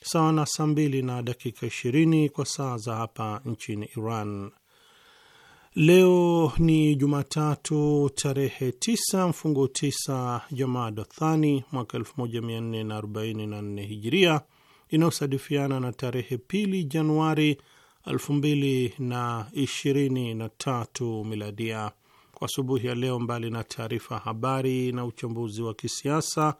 sawa na saa mbili na dakika ishirini kwa saa za hapa nchini Iran. Leo ni Jumatatu tarehe tisa mfungo 9 Jamada Thani mwaka 1444 Hijiria, inayosadifiana na tarehe pili Januari tatu Miladia. Kwa asubuhi ya leo, mbali na taarifa habari na uchambuzi wa kisiasa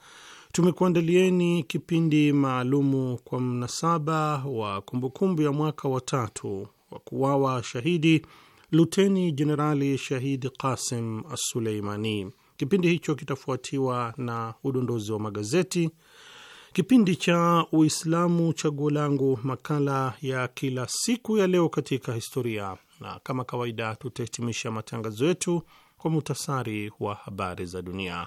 tumekuandalieni kipindi maalumu kwa mnasaba wa kumbukumbu ya mwaka wa tatu wa kuwawa shahidi Luteni Jenerali Shahid Qasim suleimani Kipindi hicho kitafuatiwa na udondozi wa magazeti, kipindi cha Uislamu Chaguo Langu, makala ya kila siku ya Leo katika Historia, na kama kawaida tutahitimisha matangazo yetu kwa muhtasari wa habari za dunia.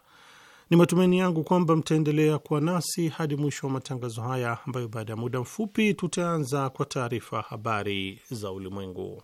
Ni matumaini yangu kwamba mtaendelea kuwa nasi hadi mwisho wa matangazo haya ambayo baada ya muda mfupi tutaanza kwa taarifa habari za ulimwengu.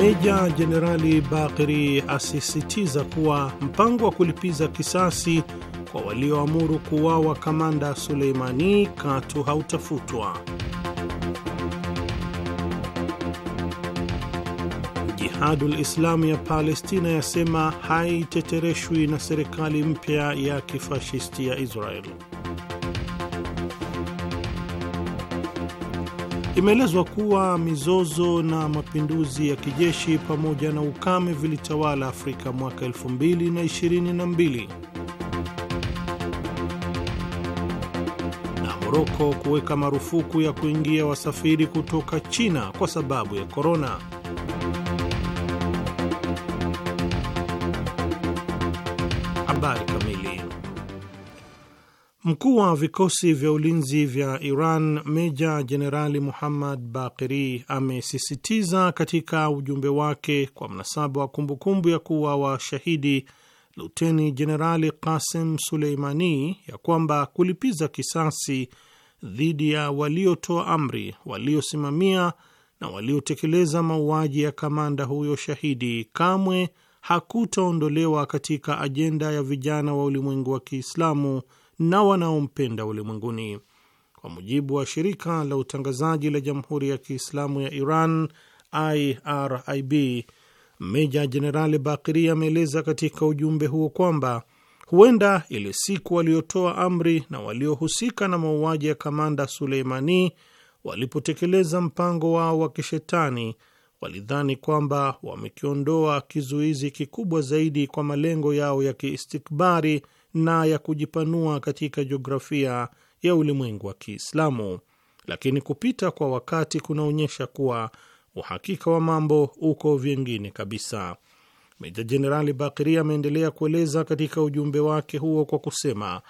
Meja Jenerali Bakri asisitiza kuwa mpango wa kulipiza kisasi kwa walioamuru kuuawa kamanda Suleimani katu hautafutwa. Jihadul Islamu ya Palestina yasema haitetereshwi na serikali mpya ya kifashisti ya Israeli. Imeelezwa kuwa mizozo na mapinduzi ya kijeshi pamoja na ukame vilitawala Afrika mwaka 2022 na Moroko kuweka marufuku ya kuingia wasafiri kutoka China kwa sababu ya korona. Mkuu wa vikosi vya ulinzi vya Iran meja jenerali Muhammad Bakiri amesisitiza katika ujumbe wake kwa mnasaba wa kumbukumbu ya kuwa washahidi luteni jenerali kasim Suleimani ya kwamba kulipiza kisasi dhidi ya waliotoa amri, waliosimamia na waliotekeleza mauaji ya kamanda huyo shahidi kamwe hakutaondolewa katika ajenda ya vijana wa ulimwengu wa Kiislamu na wanaompenda ulimwenguni. Kwa mujibu wa shirika la utangazaji la Jamhuri ya Kiislamu ya Iran, IRIB, Meja Jenerali Bakiri ameeleza katika ujumbe huo kwamba huenda ile siku waliotoa amri na waliohusika na mauaji ya kamanda Suleimani walipotekeleza mpango wao wa kishetani walidhani kwamba wamekiondoa kizuizi kikubwa zaidi kwa malengo yao ya kiistikbari na ya kujipanua katika jiografia ya ulimwengu wa Kiislamu, lakini kupita kwa wakati kunaonyesha kuwa uhakika wa mambo uko vyengine kabisa. Meja Jenerali Bakiri ameendelea kueleza katika ujumbe wake huo kwa kusema,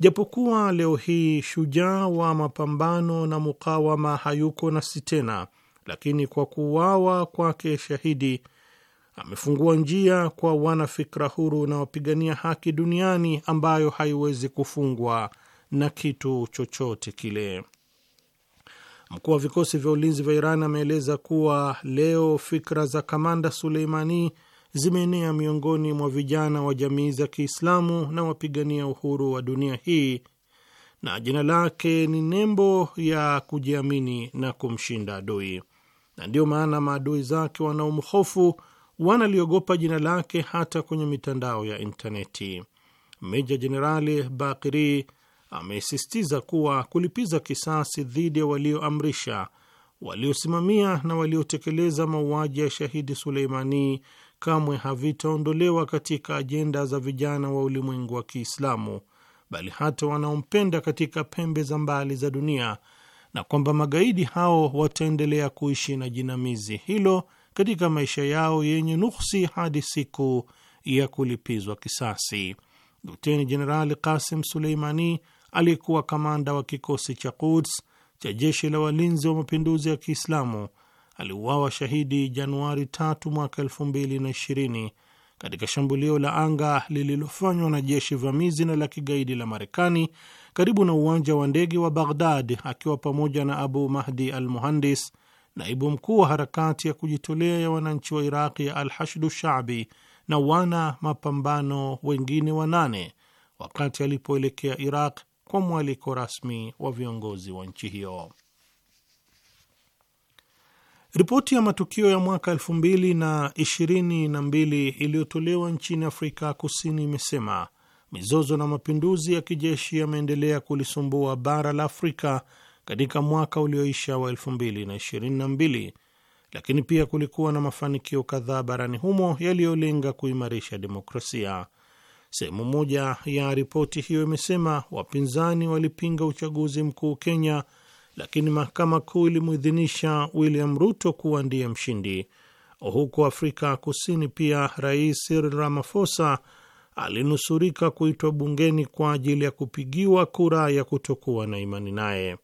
japokuwa leo hii shujaa wa mapambano na mukawama hayuko nasi tena, lakini kwa kuuawa kwake shahidi amefungua njia kwa wanafikra huru na wapigania haki duniani ambayo haiwezi kufungwa na kitu chochote kile. Mkuu wa vikosi vya ulinzi vya Iran ameeleza kuwa leo fikra za kamanda Suleimani zimeenea miongoni mwa vijana wa jamii za Kiislamu na wapigania uhuru wa dunia hii, na jina lake ni nembo ya kujiamini na kumshinda adui, na ndiyo maana maadui zake wanaomhofu wanaliogopa jina lake hata kwenye mitandao ya intaneti. Meja Jenerali Bakiri amesisitiza kuwa kulipiza kisasi dhidi ya walioamrisha, waliosimamia na waliotekeleza mauaji ya shahidi Suleimani kamwe havitaondolewa katika ajenda za vijana wa ulimwengu wa Kiislamu, bali hata wanaompenda katika pembe za mbali za dunia, na kwamba magaidi hao wataendelea kuishi na jinamizi hilo katika maisha yao yenye nuksi hadi siku ya kulipizwa kisasi. Luteni Jenerali Kasim Suleimani aliyekuwa kamanda wa kikosi cha Quds cha jeshi la walinzi wa mapinduzi ya Kiislamu aliuawa shahidi Januari 3 mwaka 2020 katika shambulio la anga lililofanywa na jeshi vamizi na la kigaidi la Marekani karibu na uwanja wa ndege wa Baghdad akiwa pamoja na Abu Mahdi al Muhandis, naibu mkuu wa harakati ya kujitolea ya wananchi wa Iraqi ya Al-Hashdu Shaabi na wana mapambano wengine wanane wakati alipoelekea Iraq kwa mwaliko rasmi wa viongozi wa nchi hiyo. Ripoti ya matukio ya mwaka elfu mbili na ishirini na mbili iliyotolewa nchini Afrika Kusini imesema mizozo na mapinduzi ya kijeshi yameendelea kulisumbua bara la Afrika katika mwaka ulioisha wa 2022, lakini pia kulikuwa na mafanikio kadhaa barani humo yaliyolenga kuimarisha demokrasia. Sehemu moja ya ripoti hiyo imesema wapinzani walipinga uchaguzi mkuu Kenya, lakini mahakama kuu ilimuidhinisha William Ruto kuwa ndiye mshindi. Huko Afrika Kusini pia Rais Cyril Ramaphosa alinusurika kuitwa bungeni kwa ajili ya kupigiwa kura ya kutokuwa na imani naye.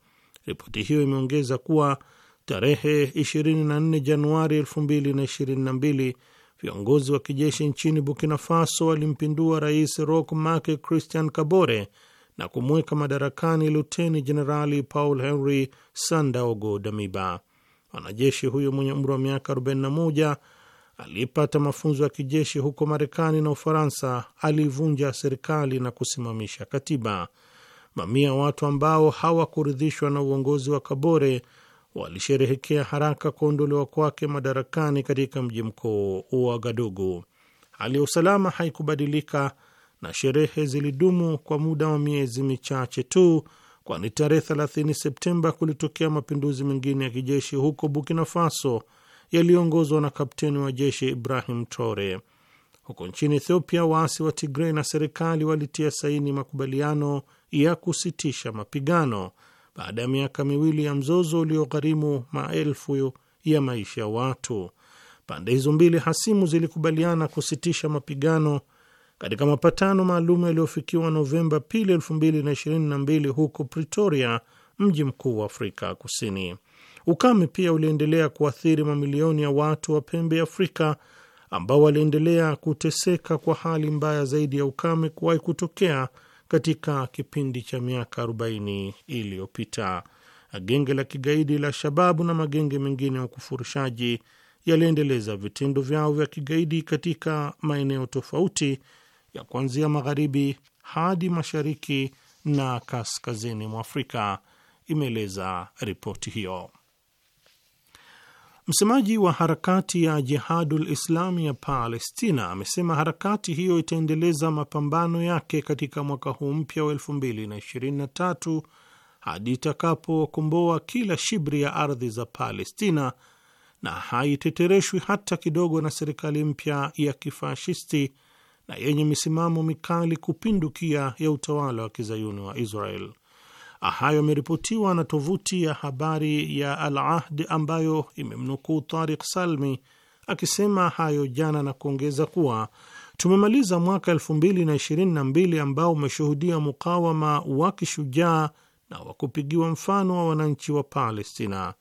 Ripoti hiyo imeongeza kuwa tarehe 24 Januari 2022 viongozi wa kijeshi nchini Burkina Faso walimpindua rais Roch Marc Christian Kabore na kumweka madarakani luteni jenerali Paul Henry Sandaogo Damiba. Mwanajeshi huyo mwenye umri wa miaka 41 aliyepata mafunzo ya kijeshi huko Marekani na Ufaransa alivunja serikali na kusimamisha katiba. Mamia watu ambao hawakuridhishwa na uongozi wa Kabore walisherehekea haraka kuondolewa kwake madarakani katika mji mkuu wa Gadugu. Hali ya usalama haikubadilika na sherehe zilidumu kwa muda wa miezi michache tu, kwani tarehe 30 Septemba kulitokea mapinduzi mengine ya kijeshi huko Burkina Faso yaliyoongozwa na kapteni wa jeshi Ibrahim Traore. Huko nchini Ethiopia, waasi wa Tigrei na serikali walitia saini makubaliano ya kusitisha mapigano baada ya miaka miwili ya mzozo uliogharimu maelfu ya maisha ya watu. Pande hizo mbili hasimu zilikubaliana kusitisha mapigano katika mapatano maalum yaliyofikiwa Novemba pili, 2022 huko Pretoria, mji mkuu wa Afrika Kusini. Ukame pia uliendelea kuathiri mamilioni ya watu wa pembe ya Afrika ambao waliendelea kuteseka kwa hali mbaya zaidi ya ukame kuwahi kutokea katika kipindi cha miaka 40 iliyopita. Genge la kigaidi la Shababu na magenge mengine ya ukufurishaji yaliendeleza vitendo vyao vya kigaidi katika maeneo tofauti ya kuanzia magharibi hadi mashariki na kaskazini mwa Afrika, imeeleza ripoti hiyo. Msemaji wa harakati ya Jihadul Islami ya Palestina amesema harakati hiyo itaendeleza mapambano yake katika mwaka huu mpya wa 2023 hadi itakapokomboa kila shibri ya ardhi za Palestina na haitetereshwi hata kidogo na serikali mpya ya kifashisti na yenye misimamo mikali kupindukia ya utawala wa kizayuni wa Israel. Hayo yameripotiwa na tovuti ya habari ya Al Ahd ambayo imemnukuu Tariq Salmi akisema hayo jana na kuongeza kuwa tumemaliza mwaka 2022 ambao umeshuhudia mukawama wa kishujaa na wa kupigiwa mfano wa wananchi wa Palestina.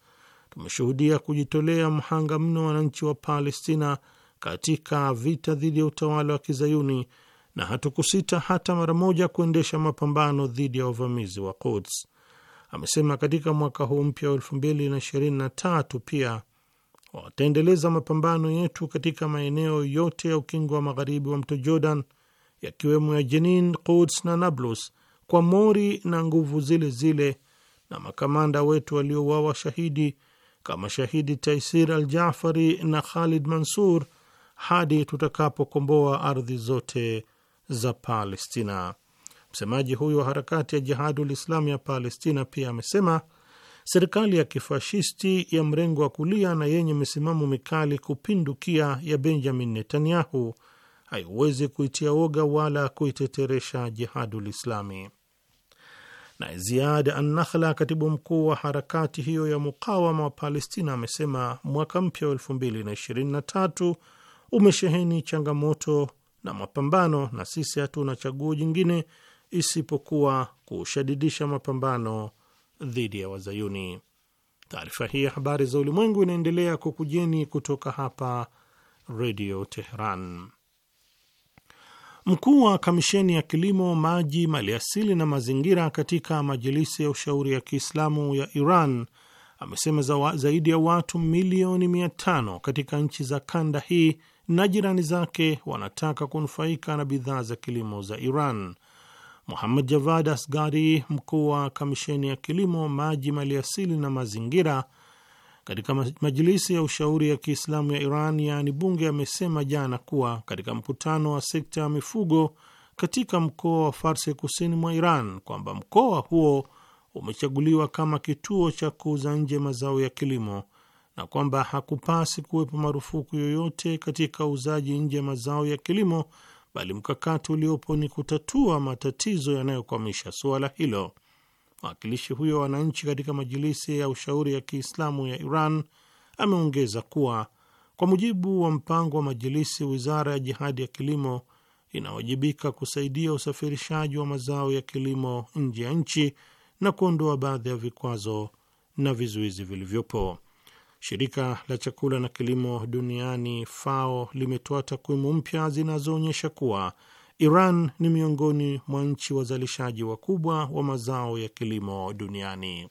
Tumeshuhudia kujitolea mhanga mno wananchi wa Palestina katika vita dhidi ya utawala wa kizayuni na hatukusita hata mara moja kuendesha mapambano dhidi ya wavamizi wa Quds. Amesema katika mwaka huu mpya wa tatu pia wataendeleza mapambano yetu katika maeneo yote ya ukingo wa magharibi wa mto Jordan, yakiwemo ya Jenin, Quds na Nablus kwa mori na nguvu zile zile na makamanda wetu waliouawa shahidi kama shahidi Taisir al Jafari na Khalid Mansur hadi tutakapokomboa ardhi zote za Palestina. Msemaji huyo wa harakati ya Jihadul Islam ya Palestina pia amesema serikali ya kifashisti ya mrengo wa kulia na yenye misimamo mikali kupindukia ya Benjamin Netanyahu haiwezi kuitia woga wala kuiteteresha Jihadul Islami. Na Ziad an katibu mkuu wa harakati hiyo ya mukawama wa Palestina, amesema mwaka mpya wa 2023 umesheheni changamoto na mapambano, na sisi hatuna chaguo jingine isipokuwa kushadidisha mapambano dhidi ya Wazayuni. Taarifa hii ya habari za ulimwengu inaendelea kukujeni kutoka hapa Redio Teheran. Mkuu wa kamisheni ya kilimo, maji, maliasili na mazingira katika Majilisi ya Ushauri ya Kiislamu ya Iran amesema zaidi ya watu milioni mia tano katika nchi za kanda hii na jirani zake wanataka kunufaika na bidhaa za kilimo za Iran. Muhammad Javad Asgari, mkuu wa kamisheni ya kilimo, maji, maliasili na mazingira katika majilisi ya ushauri ya Kiislamu ya Iran, yaani bunge, amesema jana kuwa katika mkutano wa sekta ya mifugo katika mkoa wa Farsi kusini mwa Iran kwamba mkoa huo umechaguliwa kama kituo cha kuuza nje mazao ya kilimo na kwamba hakupasi kuwepo marufuku yoyote katika uuzaji nje ya mazao ya kilimo, bali mkakati uliopo ni kutatua matatizo yanayokwamisha suala hilo. Mwakilishi huyo wa wananchi katika Majilisi ya Ushauri ya Kiislamu ya Iran ameongeza kuwa kwa mujibu wa mpango wa Majilisi, wizara ya jihadi ya kilimo inawajibika kusaidia usafirishaji wa mazao ya kilimo nje ya nchi na kuondoa baadhi ya vikwazo na vizuizi vilivyopo. Shirika la chakula na kilimo duniani FAO limetoa takwimu mpya zinazoonyesha kuwa Iran ni miongoni mwa nchi wazalishaji wakubwa wa mazao ya kilimo duniani.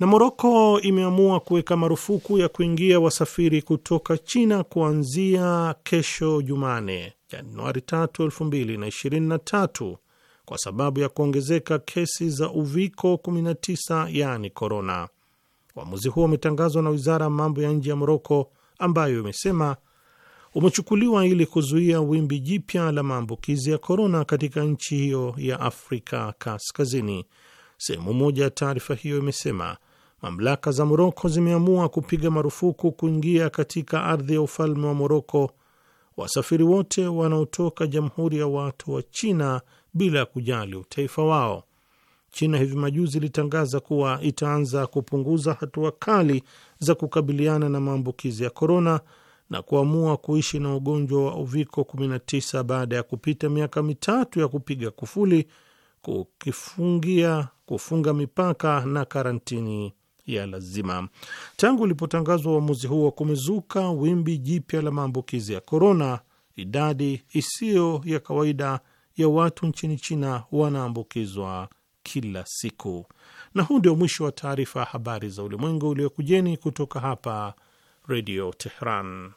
Na Moroko imeamua kuweka marufuku ya kuingia wasafiri kutoka China kuanzia kesho Jumane, Januari 3, 2023 kwa sababu ya kuongezeka kesi za uviko 19, yaani korona. Uamuzi huo umetangazwa na wizara ya mambo ya nje ya Moroko, ambayo imesema umechukuliwa ili kuzuia wimbi jipya la maambukizi ya korona katika nchi hiyo ya Afrika Kaskazini. Sehemu moja ya taarifa hiyo imesema mamlaka za Moroko zimeamua kupiga marufuku kuingia katika ardhi ya ufalme wa Moroko wasafiri wote wanaotoka Jamhuri ya Watu wa China bila kujali utaifa wao. China hivi majuzi ilitangaza kuwa itaanza kupunguza hatua kali za kukabiliana na maambukizi ya korona na kuamua kuishi na ugonjwa wa uviko 19 baada ya kupita miaka mitatu ya kupiga kufuli, kukifungia, kufunga mipaka na karantini ya lazima. Tangu ulipotangazwa uamuzi huo, kumezuka wimbi jipya la maambukizi ya korona. Idadi isiyo ya kawaida ya watu nchini China wanaambukizwa kila siku. Na huu ndio mwisho wa taarifa ya habari za ulimwengu uliokujeni kutoka hapa Redio Tehran.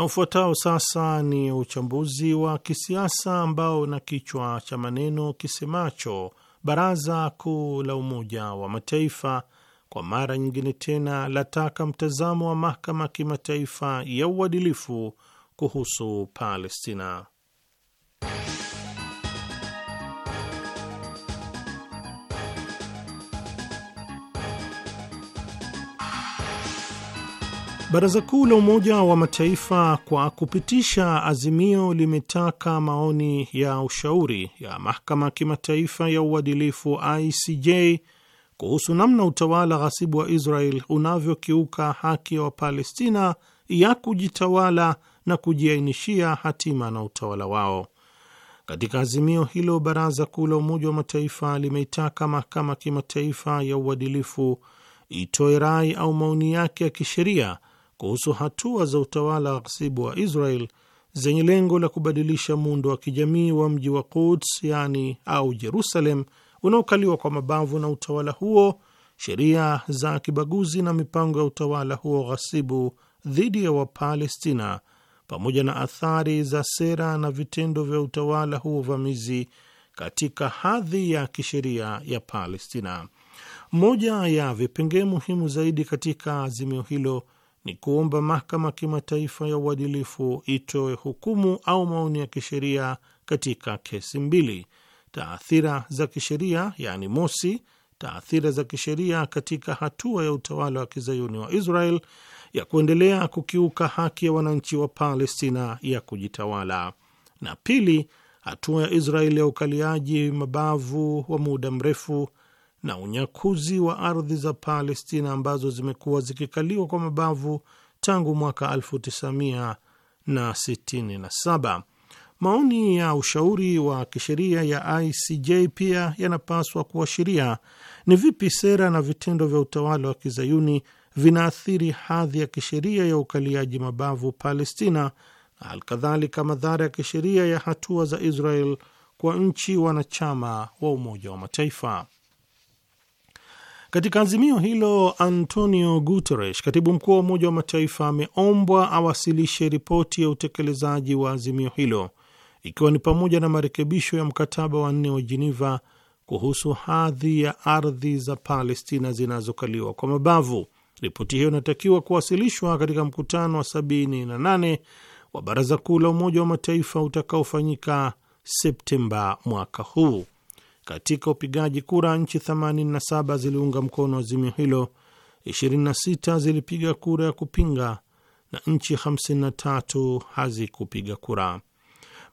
Na ufuatao sasa ni uchambuzi wa kisiasa ambao na kichwa cha maneno kisemacho Baraza Kuu la Umoja wa Mataifa kwa mara nyingine tena lataka mtazamo wa Mahakama Kimataifa ya Uadilifu kuhusu Palestina. Baraza Kuu la Umoja wa Mataifa kwa kupitisha azimio limetaka maoni ya ushauri ya mahakama ya kimataifa ya uadilifu ICJ kuhusu namna utawala ghasibu wa Israel unavyokiuka haki ya Wapalestina ya kujitawala na kujiainishia hatima na utawala wao. Katika azimio hilo, Baraza Kuu la Umoja wa Mataifa limeitaka mahakama ya kimataifa ya uadilifu itoe rai au maoni yake ya kisheria kuhusu hatua za utawala ghasibu wa Israel zenye lengo la kubadilisha muundo wa kijamii wa mji wa Quds yani au Jerusalem unaokaliwa kwa mabavu na utawala huo, sheria za kibaguzi na mipango ya utawala huo ghasibu dhidi ya Wapalestina, pamoja na athari za sera na vitendo vya utawala huo vamizi katika hadhi ya kisheria ya Palestina. Moja ya vipengee muhimu zaidi katika azimio hilo ni kuomba mahakama ya kimataifa ya uadilifu itoe hukumu au maoni ya kisheria katika kesi mbili: taathira za kisheria yaani mosi, taathira za kisheria katika hatua ya utawala wa kizayuni wa Israel ya kuendelea kukiuka haki ya wananchi wa Palestina ya kujitawala, na pili, hatua ya Israel ya ukaliaji mabavu wa muda mrefu na unyakuzi wa ardhi za Palestina ambazo zimekuwa zikikaliwa kwa mabavu tangu mwaka 1967. Maoni ya ushauri wa kisheria ya ICJ pia yanapaswa kuashiria ni vipi sera na vitendo vya utawala wa kizayuni vinaathiri hadhi ya kisheria ya ukaliaji mabavu Palestina, alkadhalika madhara ya kisheria ya hatua za Israel kwa nchi wanachama wa Umoja wa Mataifa. Katika azimio hilo, Antonio Guterres, katibu mkuu wa Umoja wa Mataifa, ameombwa awasilishe ripoti ya utekelezaji wa azimio hilo, ikiwa ni pamoja na marekebisho ya mkataba wa nne wa Jeneva kuhusu hadhi ya ardhi za Palestina zinazokaliwa kwa mabavu. Ripoti hiyo inatakiwa kuwasilishwa katika mkutano wa 78 wa Baraza Kuu la Umoja wa Mataifa utakaofanyika Septemba mwaka huu. Katika upigaji kura, nchi 87 ziliunga mkono azimio hilo, 26 zilipiga kura ya kupinga na nchi 53 hazikupiga kura.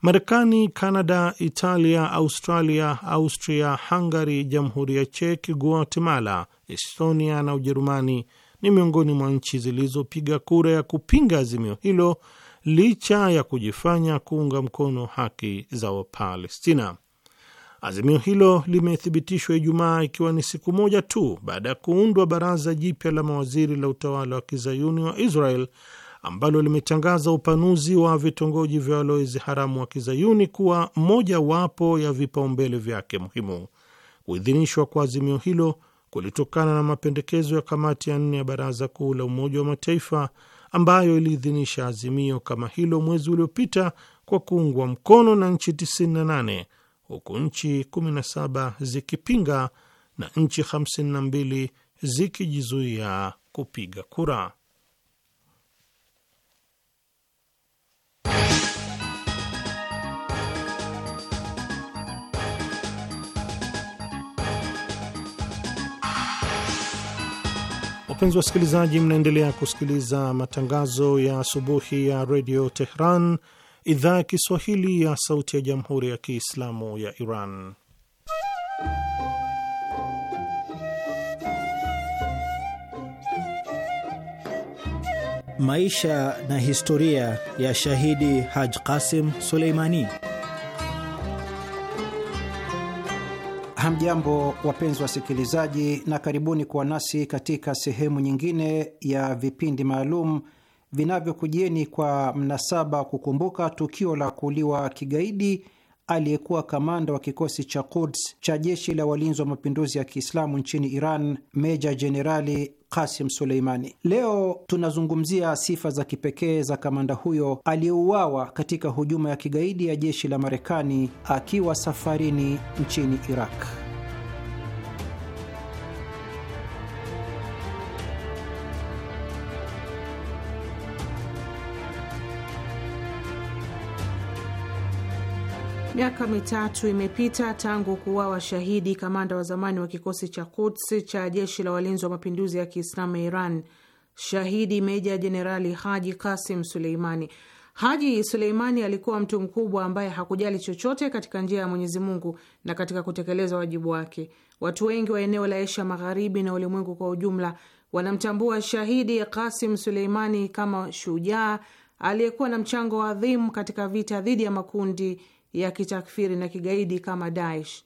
Marekani, Kanada, Italia, Australia, Austria, Hungary, Jamhuri ya Cheki, Guatemala, Estonia na Ujerumani ni miongoni mwa nchi zilizopiga kura ya kupinga azimio hilo licha ya kujifanya kuunga mkono haki za Wapalestina. Azimio hilo limethibitishwa Ijumaa, ikiwa ni siku moja tu baada ya kuundwa baraza jipya la mawaziri la utawala wa kizayuni wa Israel ambalo limetangaza upanuzi wa vitongoji vya walowezi haramu wa kizayuni kuwa mojawapo ya vipaumbele vyake muhimu. Kuidhinishwa kwa azimio hilo kulitokana na mapendekezo ya kamati ya nne ya Baraza Kuu la Umoja wa Mataifa ambayo iliidhinisha azimio kama hilo mwezi uliopita kwa kuungwa mkono na nchi 98 huku nchi 17 zikipinga na nchi 52 zikijizuia kupiga kura. Wapenzi wasikilizaji, mnaendelea kusikiliza matangazo ya asubuhi ya redio Tehran, idhaa ya Kiswahili ya Sauti ya Jamhuri ya Kiislamu ya Iran. Maisha na historia ya shahidi Haj Qasim Suleimani. Hamjambo, wapenzi wasikilizaji, na karibuni kuwa nasi katika sehemu nyingine ya vipindi maalum vinavyokujieni kwa mnasaba kukumbuka tukio la kuuliwa kigaidi aliyekuwa kamanda wa kikosi cha Quds cha jeshi la walinzi wa mapinduzi ya Kiislamu nchini Iran, meja jenerali Kasim Suleimani. Leo tunazungumzia sifa za kipekee za kamanda huyo aliyeuawa katika hujuma ya kigaidi ya jeshi la Marekani akiwa safarini nchini Iraq. Miaka mitatu imepita tangu kuuawa shahidi kamanda wa zamani wa kikosi cha Quds cha jeshi la walinzi wa mapinduzi ya Kiislamu ya Iran, shahidi meja jenerali Haji Kasim Suleimani. Haji Suleimani alikuwa mtu mkubwa ambaye hakujali chochote katika njia ya Mwenyezi Mungu na katika kutekeleza wajibu wake. Watu wengi wa eneo la Asia Magharibi na ulimwengu kwa ujumla wanamtambua shahidi Kasim Suleimani kama shujaa aliyekuwa na mchango adhimu katika vita dhidi ya makundi ya kitakfiri na kigaidi kama Daesh.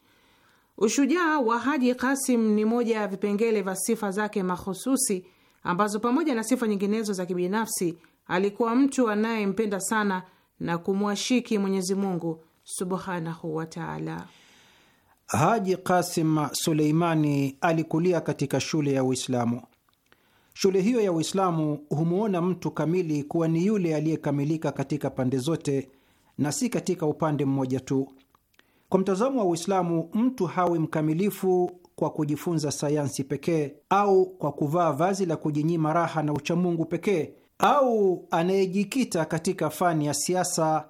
Ushujaa wa Haji Kasim ni moja ya vipengele vya sifa zake mahususi ambazo pamoja na sifa nyinginezo za kibinafsi alikuwa mtu anayempenda sana na kumwashiki Mwenyezi Mungu subhanahu wataala. Haji Kasim Suleimani alikulia katika shule ya Uislamu. Shule hiyo ya Uislamu humwona mtu kamili kuwa ni yule aliyekamilika katika pande zote na si katika upande mmoja tu. Kwa mtazamo wa Uislamu, mtu hawi mkamilifu kwa kujifunza sayansi pekee au kwa kuvaa vazi la kujinyima raha na uchamungu pekee au anayejikita katika fani ya siasa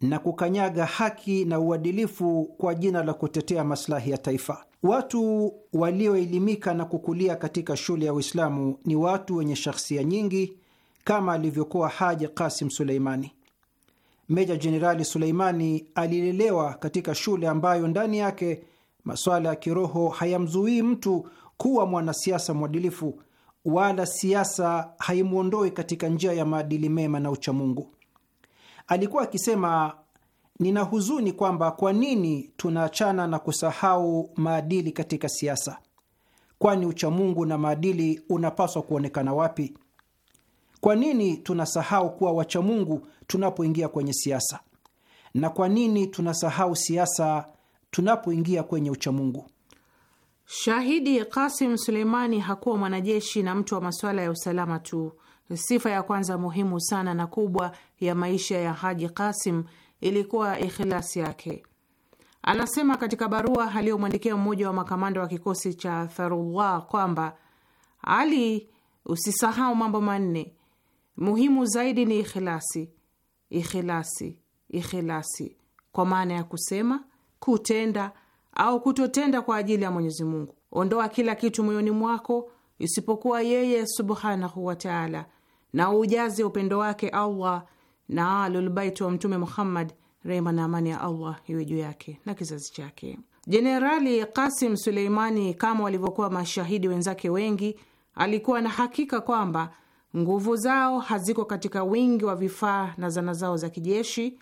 na kukanyaga haki na uadilifu kwa jina la kutetea maslahi ya taifa. Watu walioelimika na kukulia katika shule ya Uislamu ni watu wenye shahsia nyingi, kama alivyokuwa Haji Kasim Suleimani. Meja Jenerali Suleimani alilelewa katika shule ambayo ndani yake masuala ya kiroho hayamzuii mtu kuwa mwanasiasa mwadilifu, wala siasa haimwondoi katika njia ya maadili mema na uchamungu. Alikuwa akisema, nina huzuni kwamba kwa nini tunaachana na kusahau maadili katika siasa, kwani uchamungu na maadili unapaswa kuonekana wapi? Kwa nini tunasahau kuwa wachamungu tunapoingia kwenye siasa, na kwa nini tunasahau siasa tunapoingia kwenye uchamungu? Shahidi Kasim Suleimani hakuwa mwanajeshi na mtu wa masuala ya usalama tu. Sifa ya kwanza muhimu sana na kubwa ya maisha ya Haji Kasim ilikuwa ikhilasi yake. Anasema katika barua aliyomwandikia mmoja wa makamanda wa kikosi cha Tharullah kwamba Ali, usisahau mambo manne: Muhimu zaidi ni ikhilasi, ikhilasi, ikhilasi, kwa maana ya kusema, kutenda au kutotenda kwa ajili ya Mwenyezi Mungu. Ondoa kila kitu moyoni mwako isipokuwa yeye subhanahu wataala na ujaze upendo wake Allah na alulbaiti wa Mtume Muhammad, rehma na amani ya Allah iwe juu yake na kizazi chake. Jenerali Kasim Suleimani, kama walivyokuwa mashahidi wenzake wengi, alikuwa na hakika kwamba Nguvu zao haziko katika wingi wa vifaa na zana zao za kijeshi,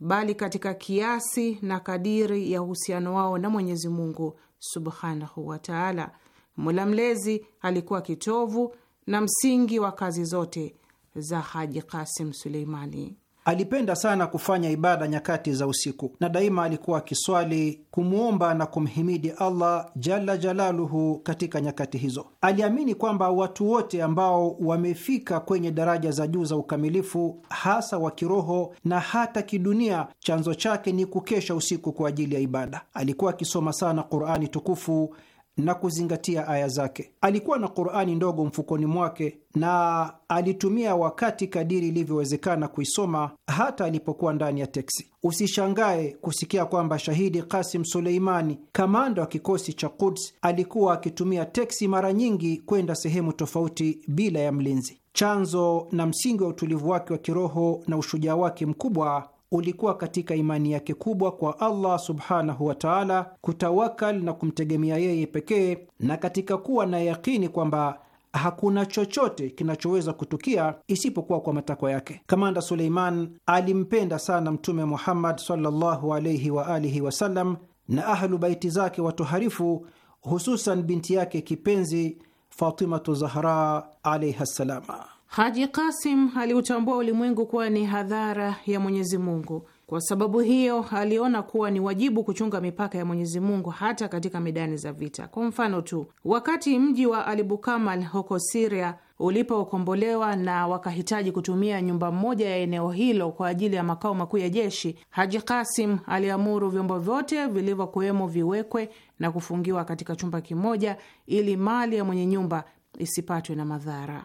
bali katika kiasi na kadiri ya uhusiano wao na Mwenyezi Mungu subhanahu wataala taala. Mola Mlezi alikuwa kitovu na msingi wa kazi zote za Haji Kasim Suleimani. Alipenda sana kufanya ibada nyakati za usiku, na daima alikuwa akiswali, kumwomba na kumhimidi Allah jala jalaluhu katika nyakati hizo. Aliamini kwamba watu wote ambao wamefika kwenye daraja za juu za ukamilifu, hasa wa kiroho na hata kidunia, chanzo chake ni kukesha usiku kwa ajili ya ibada. Alikuwa akisoma sana Qurani tukufu na kuzingatia aya zake. Alikuwa na Qurani ndogo mfukoni mwake na alitumia wakati kadiri ilivyowezekana kuisoma hata alipokuwa ndani ya teksi. Usishangae kusikia kwamba shahidi Kasim Suleimani, kamanda wa kikosi cha Quds, alikuwa akitumia teksi mara nyingi kwenda sehemu tofauti bila ya mlinzi. Chanzo na msingi wa utulivu wake wa kiroho na ushujaa wake mkubwa ulikuwa katika imani yake kubwa kwa Allah subhanahu wa taala, kutawakal na kumtegemea yeye pekee, na katika kuwa na yakini kwamba hakuna chochote kinachoweza kutukia isipokuwa kwa matakwa yake. Kamanda Suleiman alimpenda sana Mtume Muhammad sallallahu alaihi wa alihi wasallam na Ahlu Baiti zake watoharifu, hususan binti yake kipenzi Fatimatu Zahra alaihi ssalama. Haji Kasim aliutambua ulimwengu kuwa ni hadhara ya Mwenyezi Mungu. Kwa sababu hiyo, aliona kuwa ni wajibu kuchunga mipaka ya Mwenyezi Mungu hata katika medani za vita. Kwa mfano tu, wakati mji wa Alibukamal huko Siria ulipokombolewa na wakahitaji kutumia nyumba moja ya eneo hilo kwa ajili ya makao makuu ya jeshi, Haji Kasim aliamuru vyombo vyote vilivyokuwemo viwekwe na kufungiwa katika chumba kimoja, ili mali ya mwenye nyumba isipatwe na madhara.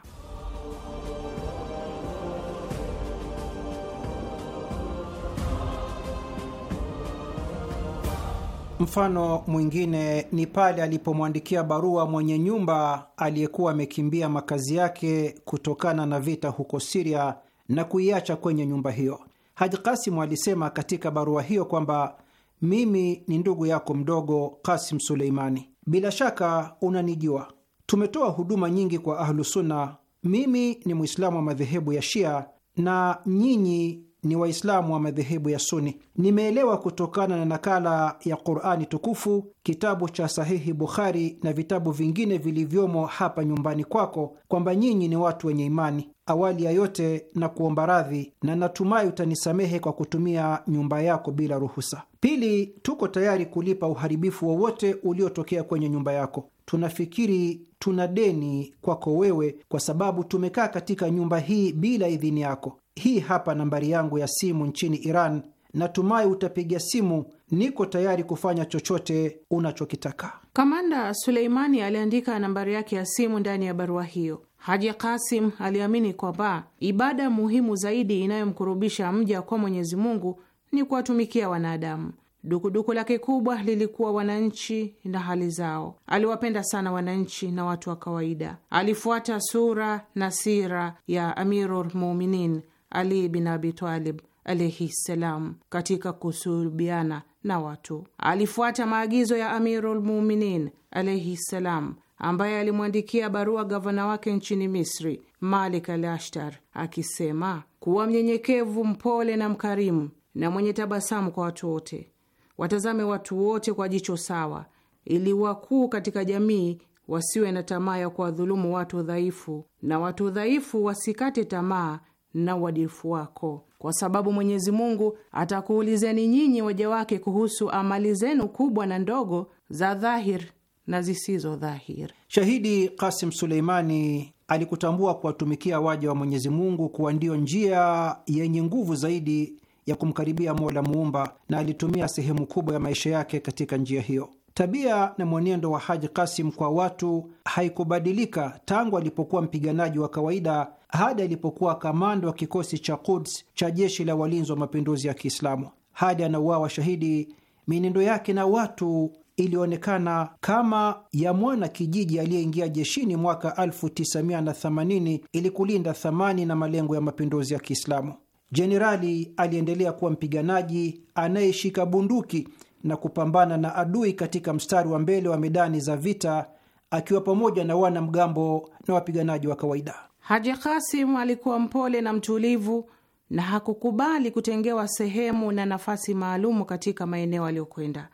Mfano mwingine ni pale alipomwandikia barua mwenye nyumba aliyekuwa amekimbia makazi yake kutokana na vita huko Siria na kuiacha kwenye nyumba hiyo. Haji Kasimu alisema katika barua hiyo kwamba mimi ni ndugu yako mdogo Kasim Suleimani, bila shaka unanijua. Tumetoa huduma nyingi kwa Ahlusunna. Mimi ni Mwislamu wa madhehebu ya Shia na nyinyi ni Waislamu wa madhehebu ya Suni. Nimeelewa kutokana na nakala ya Qurani Tukufu, kitabu cha Sahihi Bukhari na vitabu vingine vilivyomo hapa nyumbani kwako kwamba nyinyi ni watu wenye imani. Awali ya yote na kuomba radhi, na natumai utanisamehe kwa kutumia nyumba yako bila ruhusa. Pili, tuko tayari kulipa uharibifu wowote uliotokea kwenye nyumba yako. Tunafikiri tuna deni kwako wewe, kwa sababu tumekaa katika nyumba hii bila idhini yako. Hii hapa nambari yangu ya simu nchini Iran. Natumai utapiga simu. Niko tayari kufanya chochote unachokitaka. Kamanda Suleimani aliandika nambari yake ya simu ndani ya barua hiyo. Haji Kasim aliamini kwamba ibada muhimu zaidi inayomkurubisha mja kwa Mwenyezi Mungu ni kuwatumikia wanadamu. Dukuduku lake kubwa lilikuwa wananchi na hali zao. Aliwapenda sana wananchi na watu wa kawaida. Alifuata sura na sira ya Amirul Muminin ali bin Abi Talib alaihi ssalam katika kusuhubiana na watu. Alifuata maagizo ya Amirul Muminin alaihi ssalam ambaye alimwandikia barua gavana wake nchini Misri, Malik al Ashtar, akisema kuwa mnyenyekevu, mpole na mkarimu na mwenye tabasamu kwa watu wote. Watazame watu wote kwa jicho sawa, ili wakuu katika jamii wasiwe na tamaa ya kuwadhulumu watu dhaifu, na watu dhaifu wasikate tamaa na uadilifu wako, kwa sababu Mwenyezi Mungu atakuulizeni nyinyi waja wake kuhusu amali zenu kubwa na ndogo za dhahir na zisizo dhahir. Shahidi Kasim Suleimani alikutambua kuwatumikia waja wa Mwenyezi Mungu kuwa ndiyo njia yenye nguvu zaidi ya kumkaribia Mola Muumba, na alitumia sehemu kubwa ya maisha yake katika njia hiyo. Tabia na mwenendo wa Haji Kasim kwa watu haikubadilika tangu alipokuwa mpiganaji wa kawaida hadi alipokuwa kamanda wa kikosi cha Quds cha jeshi la walinzi wa mapinduzi ya Kiislamu hadi anauawa shahidi. Mienendo yake na watu ilionekana kama ya mwana kijiji aliyeingia jeshini mwaka 1980 ili kulinda thamani na malengo ya mapinduzi ya Kiislamu. Jenerali aliendelea kuwa mpiganaji anayeshika bunduki na kupambana na adui katika mstari wa mbele wa medani za vita akiwa pamoja na wanamgambo na wapiganaji wa kawaida. Haji Kasim alikuwa mpole na mtulivu na hakukubali kutengewa sehemu na nafasi maalumu katika maeneo aliyokwenda.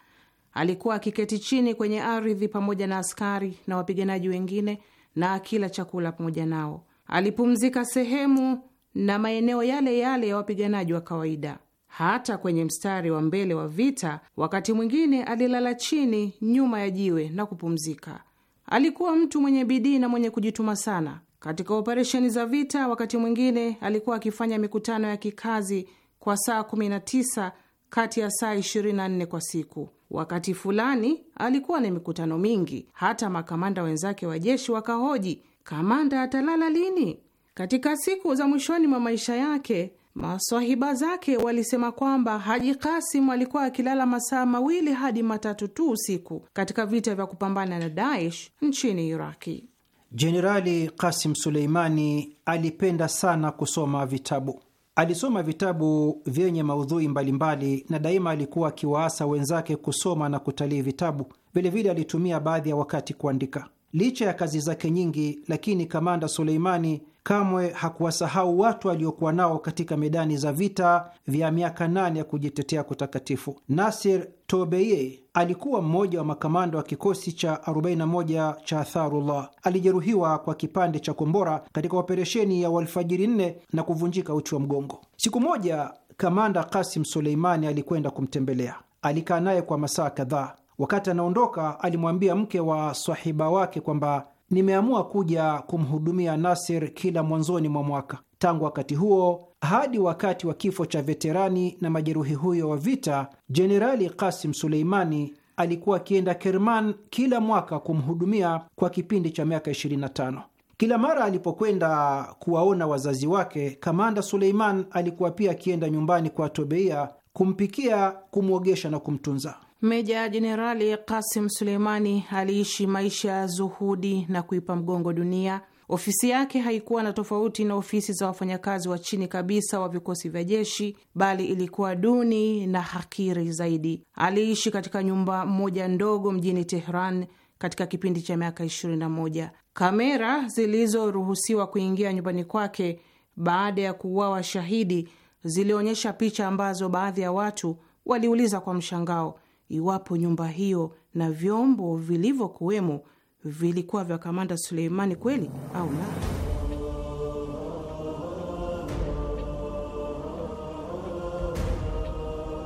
Alikuwa akiketi chini kwenye ardhi pamoja na askari na wapiganaji wengine na akila chakula pamoja nao. Alipumzika sehemu na maeneo yale yale ya wapiganaji wa kawaida hata kwenye mstari wa mbele wa vita. Wakati mwingine alilala chini nyuma ya jiwe na kupumzika. Alikuwa mtu mwenye bidii na mwenye kujituma sana katika operesheni za vita. Wakati mwingine alikuwa akifanya mikutano ya kikazi kwa saa 19 kati ya saa 24 kwa siku. Wakati fulani alikuwa na mikutano mingi, hata makamanda wenzake wa jeshi wakahoji, kamanda atalala lini? Katika siku za mwishoni mwa maisha yake Maswahiba zake walisema kwamba Haji Kasim alikuwa akilala masaa mawili hadi matatu tu usiku katika vita vya kupambana na Daesh nchini Iraki. Jenerali Kasim Suleimani alipenda sana kusoma vitabu. Alisoma vitabu vyenye maudhui mbalimbali na daima alikuwa akiwaasa wenzake kusoma na kutalii vitabu. Vilevile alitumia baadhi ya wakati kuandika. Licha ya kazi zake nyingi, lakini kamanda Suleimani Kamwe hakuwasahau watu aliokuwa nao katika medani za vita vya miaka nane ya kujitetea kutakatifu. Nasir Tobeye alikuwa mmoja wa makamanda wa kikosi cha 41 cha Atharullah. Alijeruhiwa kwa kipande cha kombora katika operesheni ya Walfajiri nne na kuvunjika uti wa mgongo. Siku moja, kamanda Kasim Suleimani alikwenda kumtembelea. Alikaa naye kwa masaa kadhaa. Wakati anaondoka, alimwambia mke wa swahiba wake kwamba nimeamua kuja kumhudumia Nasir kila mwanzoni mwa mwaka. Tangu wakati huo hadi wakati wa kifo cha veterani na majeruhi huyo wa vita, Jenerali Kasim Suleimani alikuwa akienda Kerman kila mwaka kumhudumia kwa kipindi cha miaka 25. Kila mara alipokwenda kuwaona wazazi wake, kamanda Suleiman alikuwa pia akienda nyumbani kwa Tobeia kumpikia, kumwogesha na kumtunza. Meja Jenerali Kasim Suleimani aliishi maisha ya zuhudi na kuipa mgongo dunia. Ofisi yake haikuwa na tofauti na ofisi za wafanyakazi wa chini kabisa wa vikosi vya jeshi, bali ilikuwa duni na hakiri zaidi. Aliishi katika nyumba moja ndogo mjini Tehran katika kipindi cha miaka 21. Kamera zilizoruhusiwa kuingia nyumbani kwake baada ya kuuawa shahidi zilionyesha picha ambazo baadhi ya watu waliuliza kwa mshangao iwapo nyumba hiyo na vyombo vilivyokuwemo vilikuwa vya kamanda Suleimani kweli au la.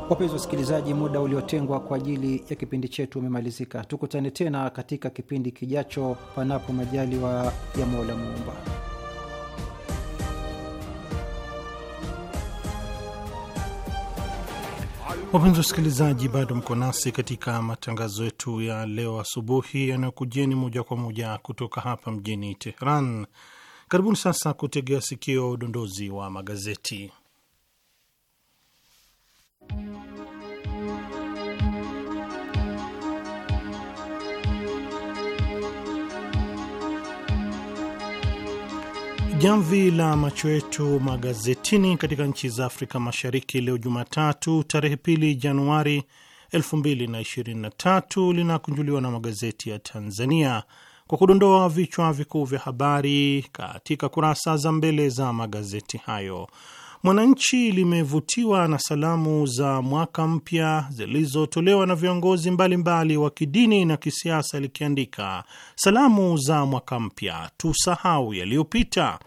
Wapenzi wasikilizaji, muda uliotengwa kwa ajili ya kipindi chetu umemalizika. Tukutane tena katika kipindi kijacho, panapo majaliwa ya Mola Muumba. Wapenzi wasikilizaji, bado mko nasi katika matangazo yetu ya leo asubuhi yanayokujeni moja kwa moja kutoka hapa mjini Teheran. Karibuni sasa kutegea sikio udondozi wa magazeti. Jamvi la macho yetu magazetini katika nchi za Afrika Mashariki leo Jumatatu tarehe pili Januari 2023 linakunjuliwa na magazeti ya Tanzania kwa kudondoa vichwa vikuu vya habari katika kurasa za mbele za magazeti hayo. Mwananchi limevutiwa na salamu za mwaka mpya zilizotolewa na viongozi mbalimbali wa kidini na kisiasa, likiandika salamu za mwaka mpya, tusahau yaliyopita,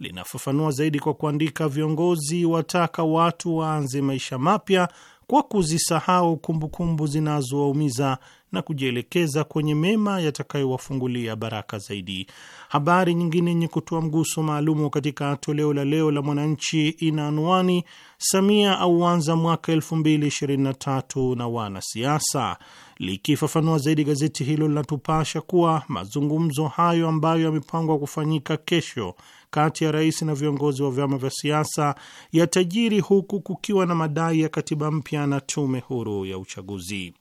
linafafanua zaidi kwa kuandika, viongozi wataka watu waanze maisha mapya kwa kuzisahau kumbukumbu zinazowaumiza na kujielekeza kwenye mema yatakayowafungulia baraka zaidi. Habari nyingine yenye kutoa mguso maalumu katika toleo la leo la Mwananchi ina anwani Samia auanza mwaka 2023 na wanasiasa. Likifafanua zaidi, gazeti hilo linatupasha kuwa mazungumzo hayo ambayo yamepangwa kufanyika kesho kati ya rais na viongozi wa vyama vya siasa ya tajiri, huku kukiwa na madai ya katiba mpya na tume huru ya uchaguzi.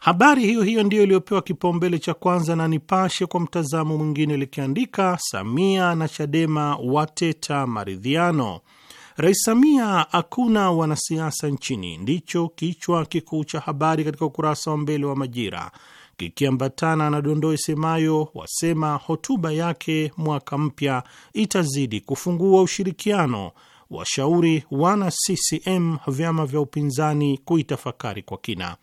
Habari hiyo hiyo ndiyo iliyopewa kipaumbele cha kwanza na Nipashe, kwa mtazamo mwingine likiandika, Samia na Chadema wateta maridhiano. Rais Samia hakuna wanasiasa nchini, ndicho kichwa kikuu cha habari katika ukurasa wa mbele wa Majira kikiambatana na dondoo isemayo, wasema hotuba yake mwaka mpya itazidi kufungua ushirikiano, washauri wana CCM vyama vya upinzani kuitafakari kwa kina.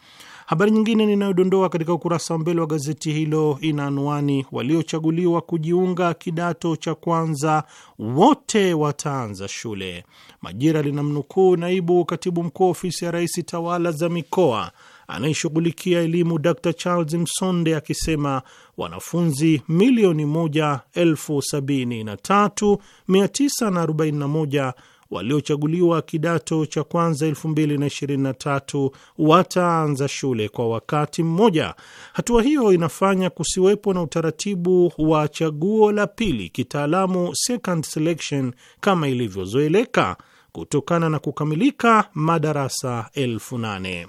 Habari nyingine ninayodondoa katika ukurasa wa mbele wa gazeti hilo ina anwani, waliochaguliwa kujiunga kidato cha kwanza wote wataanza shule. Majira linamnukuu naibu katibu mkuu ofisi ya rais tawala za mikoa anayeshughulikia elimu Dr Charles Msonde akisema wanafunzi milioni moja elfu sabini na tatu mia tisa na arobaini na moja waliochaguliwa kidato cha kwanza 2023 wataanza shule kwa wakati mmoja. Hatua hiyo inafanya kusiwepo na utaratibu wa chaguo la pili, kitaalamu second selection, kama ilivyozoeleka kutokana na kukamilika madarasa elfu nane.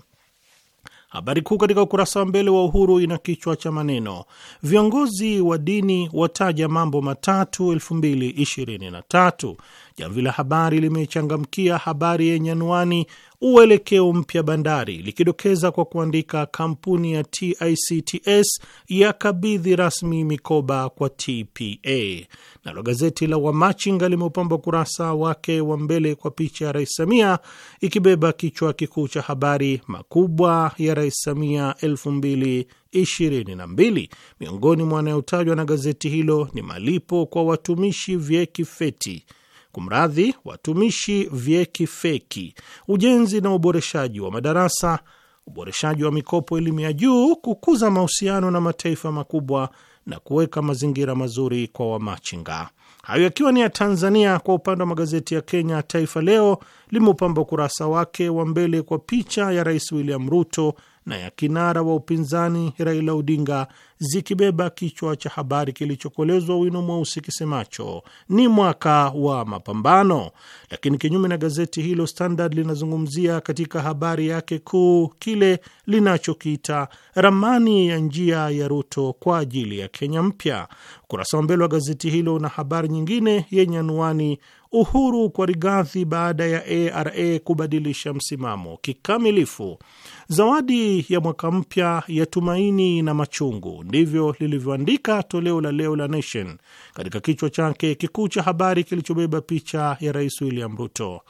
Habari kuu katika ukurasa wa mbele wa Uhuru ina kichwa cha maneno viongozi wa dini wataja mambo matatu 2023. Jamvi la Habari limechangamkia habari yenye anwani uelekeo mpya bandari, likidokeza kwa kuandika kampuni ya TICTS ya kabidhi rasmi mikoba kwa TPA. Nalo gazeti la Wamachinga limeupamba ukurasa wake wa mbele kwa picha ya Rais Samia ikibeba kichwa kikuu cha habari, makubwa ya Rais Samia 2022. Miongoni mwa anayotajwa na gazeti hilo ni malipo kwa watumishi vyekifeti kumradhi, watumishi, vyeki feki, ujenzi na uboreshaji wa madarasa, uboreshaji wa mikopo elimu ya juu, kukuza mahusiano na mataifa makubwa na kuweka mazingira mazuri kwa wamachinga. Hayo yakiwa ni ya Tanzania. Kwa upande wa magazeti ya Kenya, Taifa Leo limeupamba ukurasa wake wa mbele kwa picha ya Rais William Ruto na ya kinara wa upinzani Raila Odinga zikibeba kichwa cha habari kilichokolezwa wino mweusi kisemacho ni mwaka wa mapambano. Lakini kinyume na gazeti hilo, Standard linazungumzia katika habari yake kuu kile linachokiita ramani ya njia ya Ruto kwa ajili ya Kenya mpya. Ukurasa wa mbele wa gazeti hilo na habari nyingine yenye anuani uhuru kwa Rigathi baada ya ARA kubadilisha msimamo kikamilifu. Zawadi ya mwaka mpya ya tumaini na machungu, ndivyo lilivyoandika toleo la leo la Nation katika kichwa chake kikuu cha habari kilichobeba picha ya Rais William Ruto.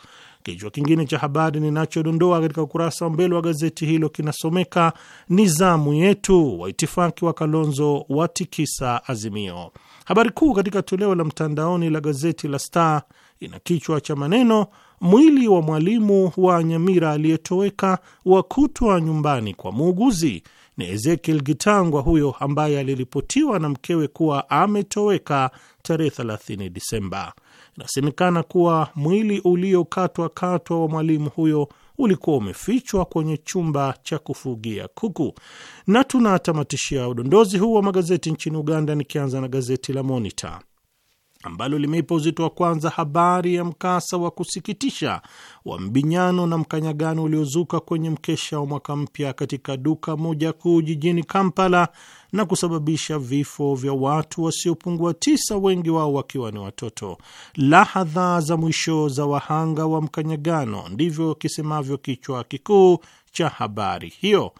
Kichwa kingine cha habari ninachodondoa katika ukurasa wa mbele wa gazeti hilo kinasomeka ni zamu yetu, waitifaki wa Kalonzo watikisa Azimio. Habari kuu katika toleo la mtandaoni la gazeti la Star ina kichwa cha maneno mwili wa mwalimu wa Nyamira aliyetoweka wakutwa nyumbani kwa muuguzi. Ni Ezekiel Gitangwa huyo ambaye aliripotiwa na mkewe kuwa ametoweka tarehe 30 Disemba. Inasemekana kuwa mwili uliokatwa katwa wa mwalimu huyo ulikuwa umefichwa kwenye chumba cha kufugia kuku. Na tunatamatishia udondozi huu wa magazeti nchini Uganda, nikianza na gazeti la Monitor ambalo limeipa uzito wa kwanza habari ya mkasa wa kusikitisha wa mbinyano na mkanyagano uliozuka kwenye mkesha wa mwaka mpya katika duka moja kuu jijini Kampala na kusababisha vifo vya watu wasiopungua tisa, wengi wao wakiwa ni watoto. Lahadha za mwisho za wahanga wa mkanyagano, ndivyo kisemavyo kichwa kikuu cha habari hiyo.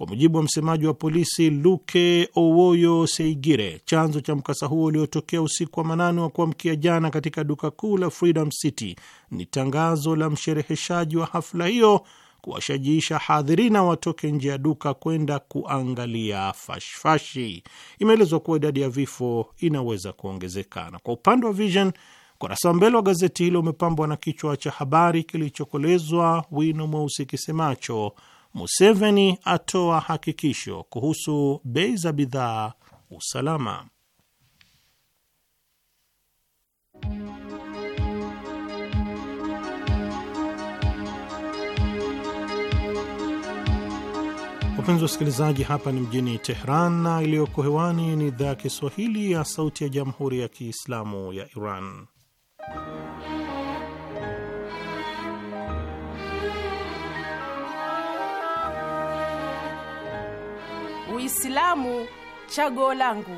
Kwa mujibu wa msemaji wa polisi Luke Owoyo Seigire, chanzo cha mkasa huo uliotokea usiku wa manane wa kuamkia jana katika duka kuu la Freedom City ni tangazo la mshereheshaji wa hafla hiyo kuwashajiisha hadhirina watoke nje ya duka kwenda kuangalia fashfashi. Imeelezwa kuwa idadi ya vifo inaweza kuongezeka. Na kwa upande wa Vision, ukurasa wa mbele wa gazeti hilo umepambwa na kichwa cha habari kilichokolezwa wino mweusi kisemacho Museveni atoa hakikisho kuhusu bei za bidhaa usalama. Wapenzi wasikilizaji, hapa ni mjini Tehran na iliyoko hewani ni idhaa ya Kiswahili ya Sauti ya Jamhuri ya Kiislamu ya Iran. Uislamu chaguo langu.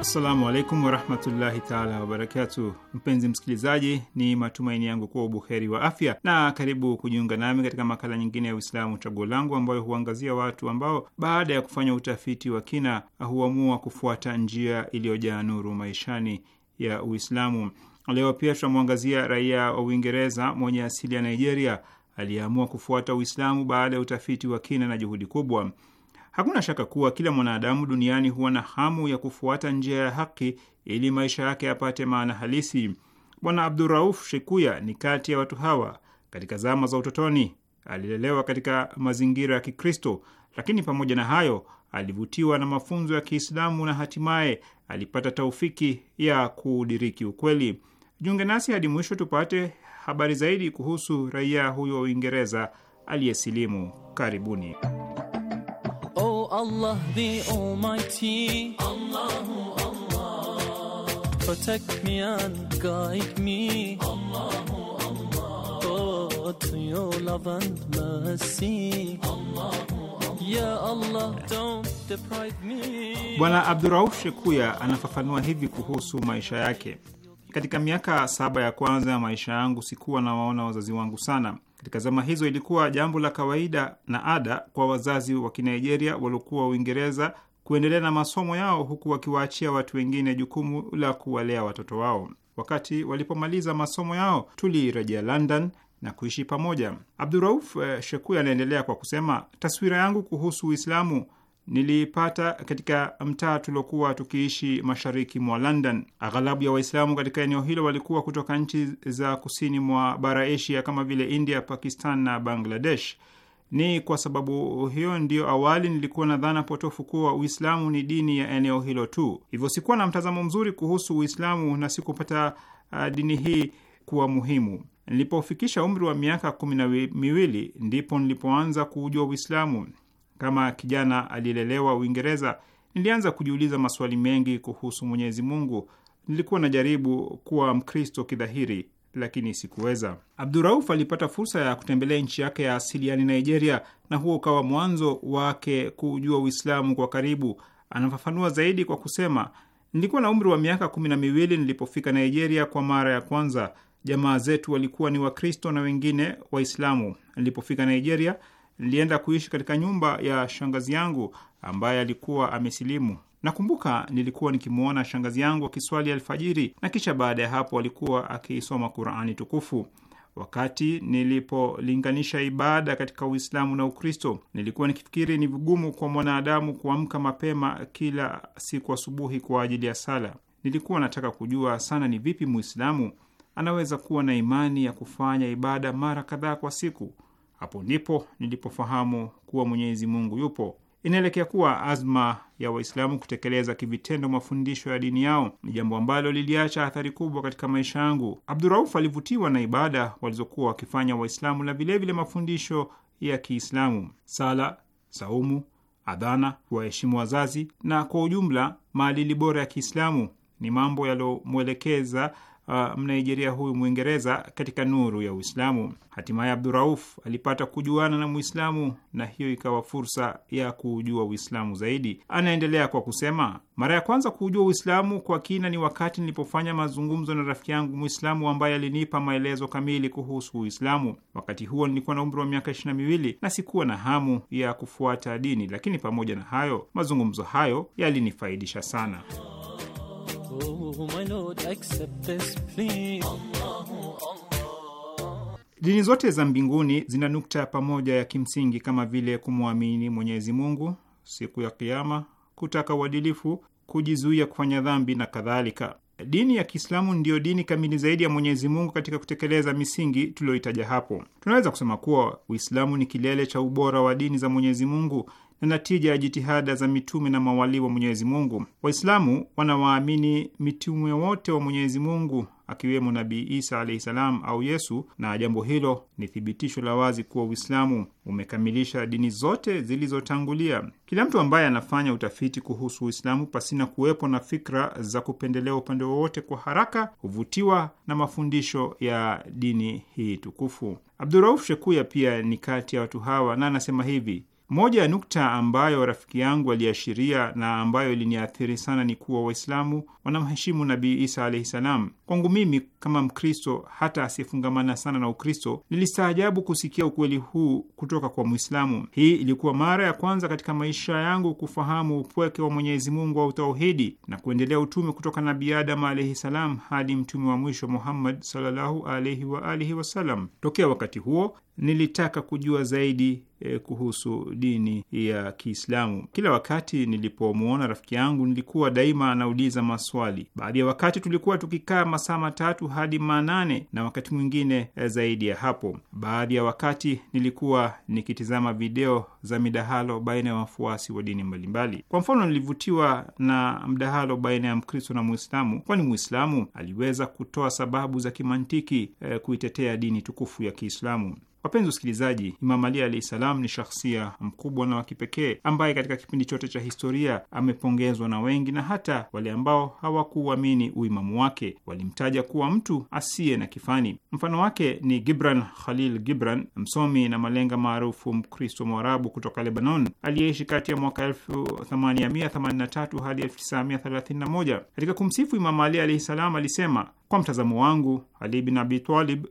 Assalamu alaikum warahmatullahi taala wabarakatu. Mpenzi msikilizaji, ni matumaini yangu kuwa ubuheri wa afya na karibu kujiunga nami katika makala nyingine ya Uislamu chaguo langu, ambayo huangazia watu ambao baada ya kufanya utafiti wa kina huamua kufuata njia iliyojaa nuru maishani ya Uislamu. Leo pia tunamwangazia raia wa Uingereza mwenye asili ya Nigeria aliyeamua kufuata Uislamu baada ya utafiti wa kina na juhudi kubwa. Hakuna shaka kuwa kila mwanadamu duniani huwa na hamu ya kufuata njia ya haki ili maisha yake yapate maana halisi. Bwana Abdurauf Shekuya ni kati ya watu hawa. Katika zama za utotoni, alilelewa katika mazingira ya Kikristo, lakini pamoja na hayo alivutiwa na mafunzo ya Kiislamu na hatimaye alipata taufiki ya kudiriki ukweli. Jiunge nasi hadi mwisho tupate habari zaidi kuhusu raia huyo wa Uingereza aliyesilimu karibuni. Oh, Bwana Abdurauf Shekuya anafafanua hivi kuhusu maisha yake. Katika miaka saba ya kwanza ya maisha yangu sikuwa nawaona wazazi wangu sana. Katika zama hizo ilikuwa jambo la kawaida na ada kwa wazazi wa Kinigeria waliokuwa Uingereza kuendelea na masomo yao huku wakiwaachia watu wengine jukumu la kuwalea watoto wao. Wakati walipomaliza masomo yao, tulirejea London na kuishi pamoja. Abdurauf eh, Shekui anaendelea kwa kusema, taswira yangu kuhusu Uislamu niliipata katika mtaa tuliokuwa tukiishi mashariki mwa London. Aghalabu ya Waislamu katika eneo hilo walikuwa kutoka nchi za kusini mwa bara Asia kama vile India, Pakistan na Bangladesh. Ni kwa sababu hiyo ndiyo awali nilikuwa na dhana potofu kuwa Uislamu ni dini ya eneo hilo tu, hivyo sikuwa na mtazamo mzuri kuhusu Uislamu na sikupata uh, dini hii kuwa muhimu. Nilipofikisha umri wa miaka kumi na miwili ndipo nilipoanza kuujua Uislamu. Kama kijana aliyelelewa Uingereza, nilianza kujiuliza maswali mengi kuhusu Mwenyezi Mungu. Nilikuwa najaribu kuwa Mkristo kidhahiri, lakini sikuweza. Abdurauf alipata fursa ya kutembelea nchi yake ya asili, yani Nigeria, na huo ukawa mwanzo wake kujua Uislamu kwa karibu. Anafafanua zaidi kwa kusema, nilikuwa na umri wa miaka kumi na miwili nilipofika Nigeria kwa mara ya kwanza. Jamaa zetu walikuwa ni Wakristo na wengine Waislamu. Nilipofika Nigeria nilienda kuishi katika nyumba ya shangazi yangu ambaye alikuwa amesilimu. Nakumbuka nilikuwa nikimwona shangazi yangu akiswali alfajiri na kisha baada ya hapo alikuwa akiisoma Qurani tukufu. Wakati nilipolinganisha ibada katika Uislamu na Ukristo, nilikuwa nikifikiri ni vigumu kwa mwanadamu kuamka mapema kila siku asubuhi kwa ajili ya sala. Nilikuwa nataka kujua sana ni vipi Muislamu anaweza kuwa na imani ya kufanya ibada mara kadhaa kwa siku hapo ndipo nilipofahamu kuwa Mwenyezi Mungu yupo. Inaelekea kuwa azma ya Waislamu kutekeleza kivitendo mafundisho ya dini yao ni jambo ambalo liliacha athari kubwa katika maisha yangu. Abdurauf alivutiwa na ibada walizokuwa wakifanya Waislamu na vilevile mafundisho ya Kiislamu, sala, saumu, adhana, kuwaheshimu wazazi na kwa ujumla maadili bora ya Kiislamu ni mambo yaliyomwelekeza uh, Mnaijeria huyu Mwingereza katika nuru ya Uislamu. Hatimaye Abdurauf alipata kujuana na Mwislamu na hiyo ikawa fursa ya kuujua Uislamu zaidi. Anaendelea kwa kusema, mara ya kwanza kuujua Uislamu kwa kina ni wakati nilipofanya mazungumzo na rafiki yangu Mwislamu ambaye alinipa maelezo kamili kuhusu Uislamu. Wakati huo nilikuwa na umri wa miaka ishirini na miwili na sikuwa na hamu ya kufuata dini, lakini pamoja na hayo mazungumzo hayo yalinifaidisha sana. Oh, my Lord, accept this please. Allah, Allah. Dini zote za mbinguni zina nukta pamoja ya kimsingi kama vile kumwamini Mwenyezi Mungu, siku ya Kiyama, kutaka uadilifu, kujizuia kufanya dhambi na kadhalika. Dini ya Kiislamu ndiyo dini kamili zaidi ya Mwenyezi Mungu katika kutekeleza misingi tuliyoitaja hapo. Tunaweza kusema kuwa Uislamu ni kilele cha ubora wa dini za Mwenyezi Mungu na natija ya jitihada za mitume na mawalii wa Mwenyezi Mungu. Waislamu wanawaamini mitume wote wa Mwenyezi Mungu akiwemo Nabii Isa alahi salam au Yesu, na jambo hilo ni thibitisho la wazi kuwa Uislamu umekamilisha dini zote zilizotangulia. Kila mtu ambaye anafanya utafiti kuhusu Uislamu pasina kuwepo na fikra za kupendelea upande wowote, kwa haraka huvutiwa na mafundisho ya dini hii tukufu. Abdurauf Shekuya pia ni kati ya watu hawa na anasema hivi: moja ya nukta ambayo rafiki yangu aliashiria na ambayo iliniathiri sana ni kuwa Waislamu wanamheshimu Nabii Isa alaihi salam. Kwangu mimi kama Mkristo, hata asiyefungamana sana na Ukristo, nilistaajabu kusikia ukweli huu kutoka kwa Mwislamu. Hii ilikuwa mara ya kwanza katika maisha yangu kufahamu upweke wa Mwenyezi Mungu wa utauhidi na kuendelea utume kutoka Nabii Adamu alaihi salam hadi mtume wa mwisho Muhammad sallallahu alaihi wa alihi wasalam. Tokea wakati huo nilitaka kujua zaidi eh, kuhusu dini ya Kiislamu. Kila wakati nilipomwona rafiki yangu nilikuwa daima anauliza maswali. Baadhi ya wakati tulikuwa tukikaa masaa matatu hadi manane na wakati mwingine eh, zaidi ya hapo. Baadhi ya wakati nilikuwa nikitizama video za midahalo baina ya wafuasi wa dini mbalimbali. Kwa mfano, nilivutiwa na mdahalo baina ya Mkristo na Mwislamu, kwani Mwislamu aliweza kutoa sababu za kimantiki eh, kuitetea dini tukufu ya Kiislamu. Wapenzi wasikilizaji, Imam Ali alahi salam ni shakhsia mkubwa na wa kipekee ambaye katika kipindi chote cha historia amepongezwa na wengi na hata wale ambao hawakuuamini uimamu wake walimtaja kuwa mtu asiye na kifani. Mfano wake ni Gibran Khalil Gibran, msomi na malenga maarufu Mkristo Mwarabu kutoka Lebanon aliyeishi kati ya mwaka 1883 hadi 1931. Katika kumsifu Imam Ali alahi salam alisema, kwa mtazamo wangu, Ali bin Abi Talib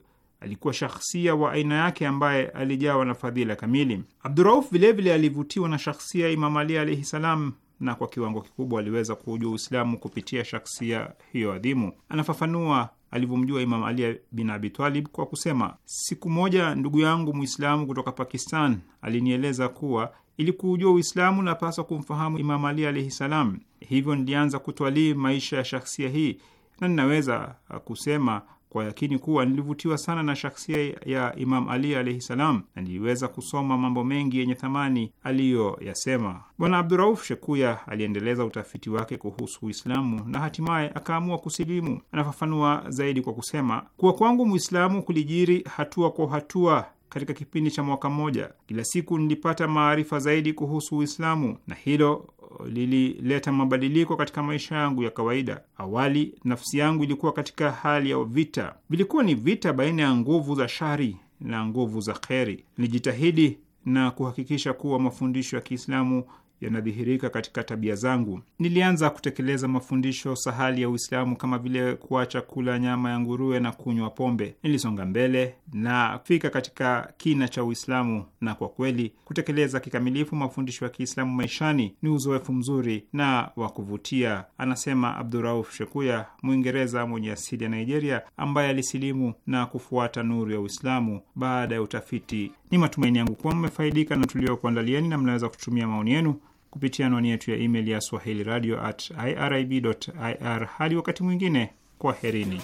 alikuwa shakhsia wa aina yake ambaye alijawa na fadhila kamili. Abdurauf vilevile alivutiwa na shakhsia Imam Ali alaihi salam na kwa kiwango kikubwa aliweza kuujua Uislamu kupitia shaksia hiyo adhimu. Anafafanua alivyomjua Imam Ali bin Abitalib kwa kusema, siku moja ndugu yangu Mwislamu kutoka Pakistan alinieleza kuwa ili kuujua Uislamu napaswa kumfahamu Imam Ali alaihi salam. Hivyo nilianza kutwalii maisha ya shakhsia hii na ninaweza kusema kwa yakini kuwa nilivutiwa sana na shakhsia ya Imam Ali alaihi salam, na niliweza kusoma mambo mengi yenye thamani aliyoyasema. Bwana Abdurauf Shekuya aliendeleza utafiti wake kuhusu Uislamu na hatimaye akaamua kusilimu. Anafafanua zaidi kwa kusema kuwa kwangu Mwislamu kulijiri hatua kwa hatua katika kipindi cha mwaka mmoja. Kila siku nilipata maarifa zaidi kuhusu Uislamu, na hilo lilileta mabadiliko katika maisha yangu ya kawaida. Awali nafsi yangu ilikuwa katika hali ya vita, vilikuwa ni vita baina ya nguvu za shari na nguvu za kheri. Nilijitahidi na kuhakikisha kuwa mafundisho ya Kiislamu yanadhihirika katika tabia zangu. Nilianza kutekeleza mafundisho sahali ya Uislamu kama vile kuacha kula nyama ya nguruwe na kunywa pombe. Nilisonga mbele na fika katika kina cha Uislamu, na kwa kweli kutekeleza kikamilifu mafundisho ya Kiislamu maishani ni uzoefu mzuri na wa kuvutia, anasema Abdurauf Shekuya, Mwingereza mwenye asili ya Nigeria ambaye alisilimu na kufuata nuru ya Uislamu baada ya utafiti ni matumaini yangu kuwa mmefaidika na tuliokuandalieni na mnaweza kutumia maoni yenu kupitia anwani yetu ya email ya swahili radio at iribir ir. Hadi wakati mwingine, kwaherini.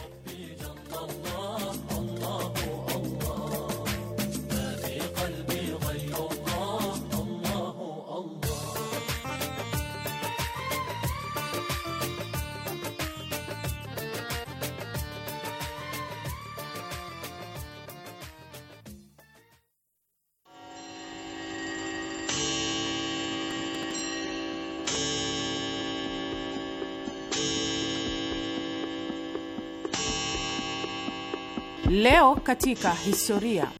Leo katika historia.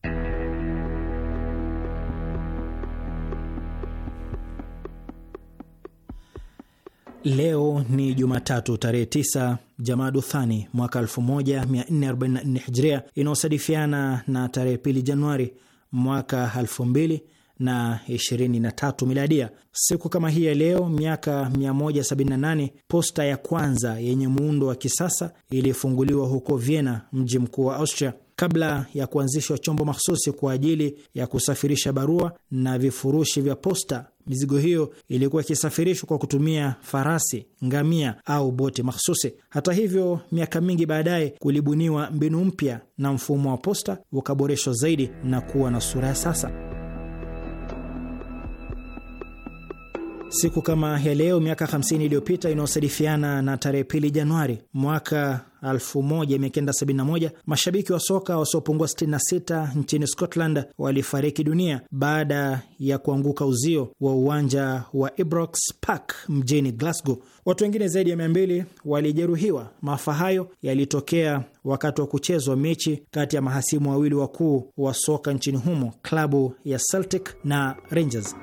Leo ni Jumatatu tarehe 9 Jamadu Thani mwaka 1444 Hijria, inayosadifiana na tarehe 2 Januari mwaka na 23 miladia. Siku kama hii ya leo miaka 178 posta ya kwanza yenye muundo wa kisasa ilifunguliwa huko Vienna, mji mkuu wa Austria, kabla ya kuanzishwa chombo mahsusi kwa ajili ya kusafirisha barua na vifurushi vya posta. Mizigo hiyo ilikuwa ikisafirishwa kwa kutumia farasi, ngamia au boti mahsusi. Hata hivyo, miaka mingi baadaye kulibuniwa mbinu mpya na mfumo wa posta ukaboreshwa zaidi na kuwa na sura ya sasa. Siku kama ya leo miaka 50 iliyopita inayosadifiana na tarehe pili Januari mwaka 1971 mashabiki wa soka wasiopungua 66 nchini Scotland walifariki dunia baada ya kuanguka uzio wa uwanja wa Ibrox Park mjini Glasgow. Watu wengine zaidi ya 200 walijeruhiwa. Maafa hayo yalitokea wakati wa kuchezwa mechi kati ya mahasimu wawili wakuu wa soka nchini humo, klabu ya Celtic na Rangers.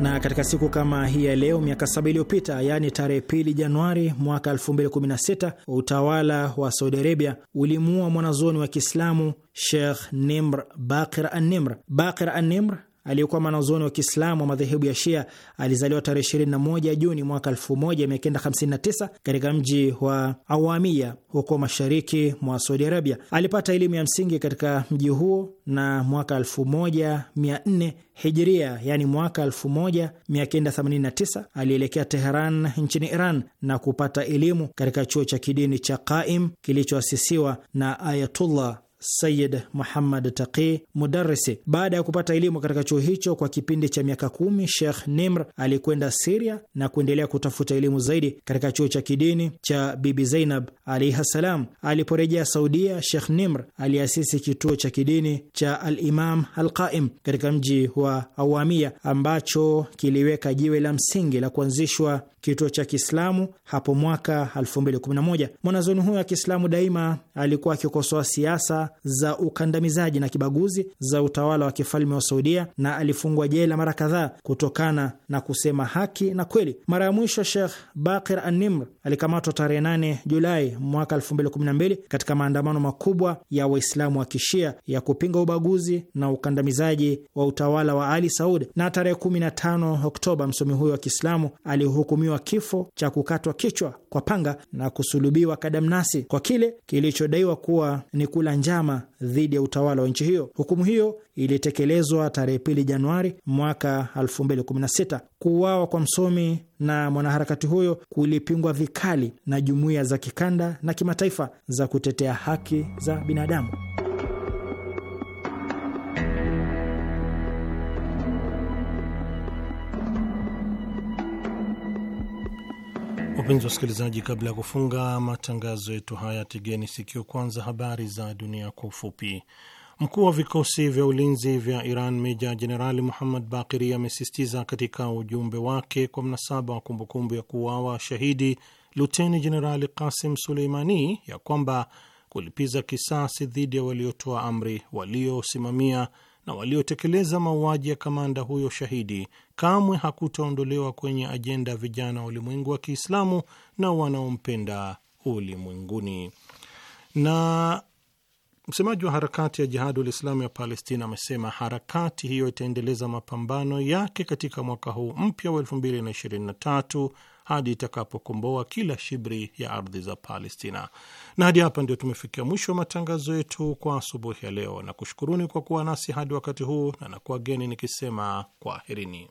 Na katika siku kama hii ya leo miaka saba iliyopita, yaani tarehe pili Januari mwaka 2016 utawala wa Saudi Arabia ulimuua mwanazuoni wa Kiislamu Sheikh Nimr Bakir an Bakir an aliyekuwa mwanazuoni wa Kiislamu wa madhehebu ya Shia alizaliwa tarehe 21 Juni mwaka 1959 katika mji wa Awamia huko mashariki mwa Saudi Arabia. Alipata elimu ya msingi katika mji huo na mwaka 1400 Hijria, yani mwaka 1989 alielekea Teheran nchini Iran na kupata elimu katika chuo cha kidini cha Qaim kilichoasisiwa na Ayatullah Sayid Muhammad Taqi Mudarisi. Baada ya kupata elimu katika chuo hicho kwa kipindi cha miaka kumi, Sheikh Nimr alikwenda Siria na kuendelea kutafuta elimu zaidi katika chuo cha kidini cha Bibi Zainab alaihi ssalam. Aliporejea Saudia, Sheikh Nimr aliasisi kituo cha kidini cha Alimam Alqaim katika mji wa Awamia ambacho kiliweka jiwe la msingi la kuanzishwa kituo cha Kiislamu hapo mwaka 2011. Mwanazoni huyo wa Kiislamu daima alikuwa akikosoa siasa za ukandamizaji na kibaguzi za utawala wa kifalme wa Saudia na alifungwa jela mara kadhaa kutokana na kusema haki na kweli. Mara ya mwisho Sheikh Bakir an alikamatwa tarehe 8 Julai mwaka 2012 katika maandamano makubwa ya Waislamu wa Kishia ya kupinga ubaguzi na ukandamizaji wa utawala wa Ali Saud, na tarehe 15 Oktoba msomi huyo wa Kiislamu alihukumiwa kuhukumiwa kifo cha kukatwa kichwa kwa panga na kusulubiwa kadamnasi kwa kile kilichodaiwa kuwa ni kula njama dhidi ya utawala wa nchi hiyo. Hukumu hiyo ilitekelezwa tarehe pili Januari mwaka 2016. Kuuawa kwa msomi na mwanaharakati huyo kulipingwa vikali na jumuiya za kikanda na kimataifa za kutetea haki za binadamu. Wapenzi wasikilizaji, kabla ya kufunga matangazo yetu haya, tegeni sikio kwanza habari za dunia kwa ufupi. Mkuu wa vikosi vya ulinzi vya Iran meja jenerali Muhammad Bakiri amesisitiza katika ujumbe wake kwa mnasaba wa kumbukumbu ya kuuawa shahidi luteni jenerali Kasim Suleimani ya kwamba kulipiza kisasi dhidi ya waliotoa amri, waliosimamia na waliotekeleza mauaji ya kamanda huyo shahidi kamwe hakutaondolewa kwenye ajenda ya vijana wa ulimwengu wa Kiislamu na wanaompenda ulimwenguni. Na msemaji wa harakati ya Jihadul Islamu ya Palestina amesema harakati hiyo itaendeleza mapambano yake katika mwaka huu mpya wa 2023 hadi itakapokomboa kila shibri ya ardhi za Palestina. Na hadi hapa ndio tumefikia mwisho wa matangazo yetu kwa asubuhi ya leo, na kushukuruni kwa kuwa nasi hadi wakati huu, na nakuageni nikisema kwaherini.